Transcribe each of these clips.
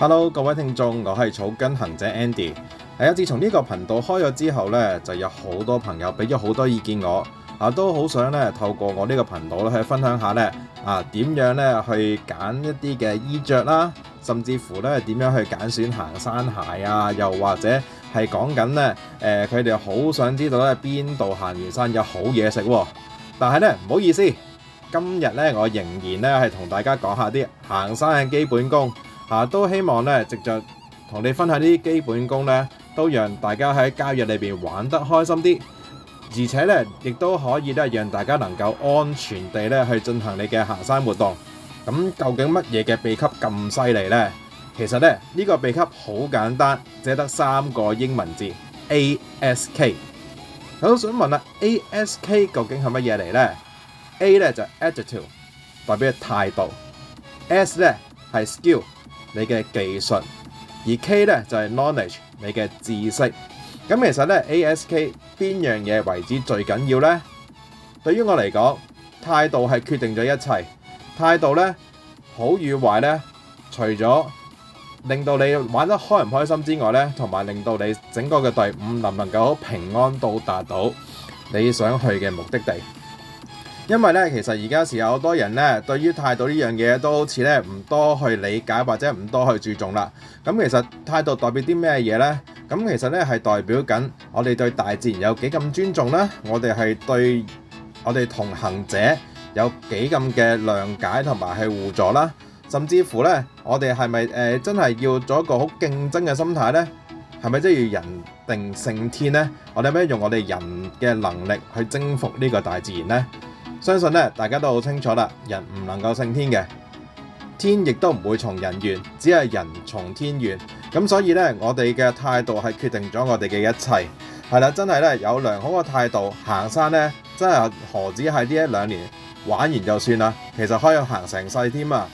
Hello，各位聽眾，我係草根行者 Andy。係啊，自從呢個頻道開咗之後呢，就有好多朋友俾咗好多意見我啊，都好想咧透過我個頻呢個頻道咧去分享下呢啊，點樣咧去揀一啲嘅衣着啦，甚至乎呢，點樣去揀選，選行山鞋啊，又或者係講緊呢，誒、呃，佢哋好想知道呢邊度行完山有好嘢食，啊。但係呢，唔好意思，今日呢我仍然呢係同大家講下啲行山嘅基本功。啊，都希望咧，藉着同你分享呢啲基本功咧，都讓大家喺假日裏邊玩得開心啲，而且咧，亦都可以咧，讓大家能夠安全地咧去進行你嘅行山活動。咁究竟乜嘢嘅秘笈咁犀利咧？其實咧呢個秘笈好簡單，只係得三個英文字，A S K。我都想問啦，A S K 究竟係乜嘢嚟咧？A 咧就係 attitude，代表態度；S 咧係 skill。你嘅技術，而 K 呢，就係、是、knowledge，你嘅知識。咁其實呢 ASK 邊樣嘢為之最緊要呢？對於我嚟講，態度係決定咗一切。態度呢，好與壞呢，除咗令到你玩得開唔開心之外呢，同埋令到你整個嘅隊伍能唔能夠平安到達到你想去嘅目的地。因為咧，其實而家時候好多人咧，對於態度呢樣嘢都好似咧唔多去理解或者唔多去注重啦。咁其實態度代表啲咩嘢咧？咁其實咧係代表緊我哋對大自然有幾咁尊重咧？我哋係對我哋同行者有幾咁嘅諒解同埋係互助啦。甚至乎咧，我哋係咪誒真係要做一個好競爭嘅心態咧？係咪真係要人定勝天咧？我哋有咩用我哋人嘅能力去征服呢個大自然咧？相信咧，大家都好清楚啦。人唔能夠勝天嘅，天亦都唔會從人願，只係人從天願。咁所以咧，我哋嘅態度係決定咗我哋嘅一切。係啦，真係咧，有良好嘅態度行山咧，真係何止係呢一兩年玩完就算啦，其實可以行成世添啊！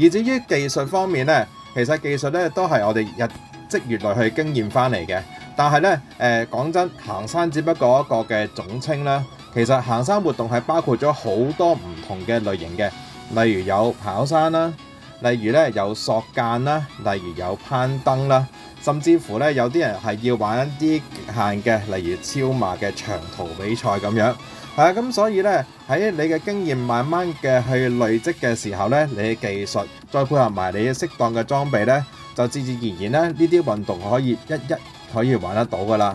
而至於技術方面咧，其實技術咧都係我哋日積月累去經驗翻嚟嘅。但係咧，誒講真，行山只不過一個嘅總稱啦。其實行山活動係包括咗好多唔同嘅類型嘅，例如有跑山啦，例如咧有索降啦，例如有攀登啦，甚至乎咧有啲人係要玩一啲極限嘅，例如超馬嘅長途比賽咁樣。係啊，咁所以咧，喺你嘅經驗慢慢嘅去累積嘅時候咧，你嘅技術再配合埋你適當嘅裝備咧，就自然而然咧呢啲運動可以一一可以玩得到㗎喇。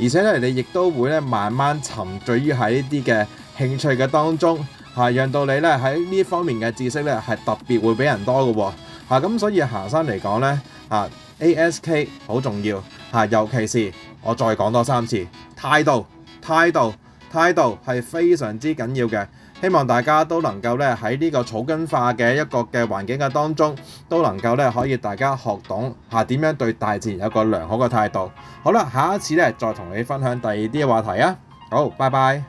而且咧，你亦都會咧慢慢沉醉於喺呢啲嘅興趣嘅當中，嚇，讓到你咧喺呢方面嘅知識咧係特別會比人多嘅喎，咁、啊、所以行山嚟講咧，嚇、啊、ASK 好重要，嚇、啊、尤其是我再講多三次態度態度。態度。態度係非常之緊要嘅，希望大家都能夠咧喺呢個草根化嘅一個嘅環境嘅當中，都能夠咧可以大家學懂下點樣對大自然有個良好嘅態度。好啦，下一次咧再同你分享第二啲話題啊！好，拜拜。